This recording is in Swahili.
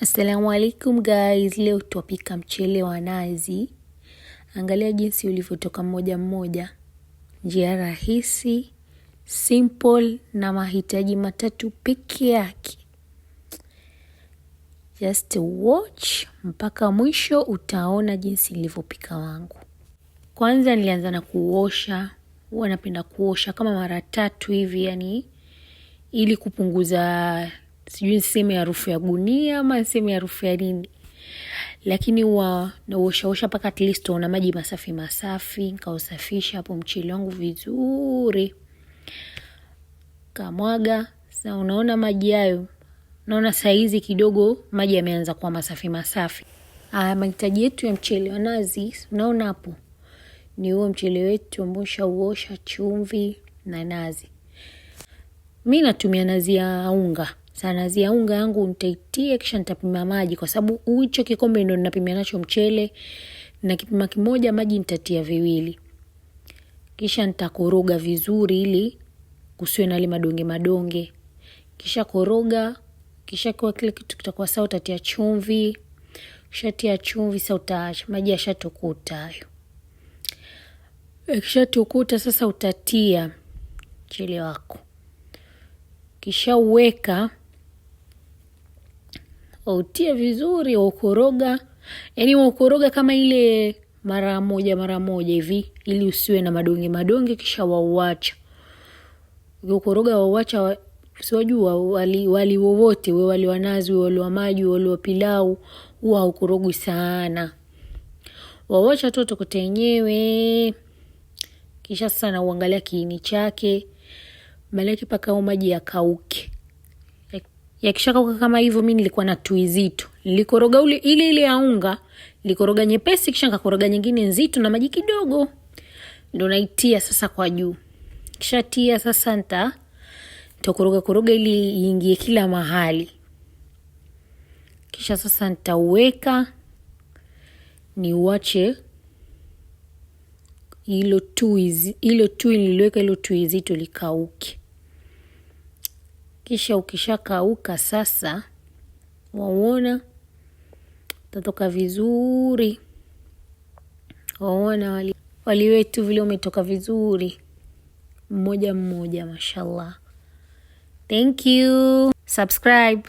Assalamu alaikum guys, leo twapika mchele wa nazi. Angalia jinsi ulivyotoka mmoja mmoja. Njia rahisi, simple na mahitaji matatu peke yake. Just watch mpaka mwisho, utaona jinsi nilivyopika wangu. Kwanza nilianza na kuosha huwa napenda kuosha kama mara tatu hivi, yani ili kupunguza sijui niseme harufu ya gunia ama niseme harufu ya nini, lakini huwa nauoshaosha mpaka at least una maji masafi masafi, nkausafisha hapo mchele wangu vizuri, kamwaga. Sa unaona maji hayo, naona saizi kidogo maji yameanza kuwa masafi masafi. Ah, mahitaji yetu ya mchele wa nazi, unaona hapo ni huo mchele wetu ambao ushauosha, chumvi na nazi. Mi natumia nazi ya unga sa nazi ya unga yangu nitaitia, kisha nitapima maji, kwa sababu hicho kikombe ndo ninapimia nacho mchele, na kipima kimoja maji nitatia viwili, kisha nitakoroga vizuri ili kusiwe na ile madonge madonge. Kisha koroga, kisha kwa kile kitu kitakuwa sawa, utatia chumvi. tia chumvi, sa utaacha maji yashatoka, hayo. Ikishatukuta sasa, utatia mchele wako, kisha uweka wautie vizuri, waukoroga, yaani waukoroga kama ile mara moja mara moja hivi, ili usiwe na madonge madonge, kisha wauacha ukoroga, wauacha siwajua wali wali wowote we wali wanazi we wali wa maji, we wali wa pilau, huwa haukorogwi sana, wauacha toto tokote yenyewe. Kisha sasa nauangalia kiini chake, maliake mpaka au maji yakauke. kauka kama hivyo, mi nilikuwa na tui zito, nilikoroga ule ile ile ya unga, nilikoroga nyepesi, kisha nikakoroga nyingine nzito na maji kidogo, ndo naitia sasa kwa juu. Kishatia sasa nta nitakoroga koroga ili iingie kila mahali. Kisha sasa ntauweka niuache hilo tui, hilo tui niliweka hilo tui zito likauke. Kisha ukishakauka sasa, wauona utatoka vizuri. waona wali, wali wetu vile umetoka vizuri, mmoja mmoja, mashallah. Thank you, subscribe.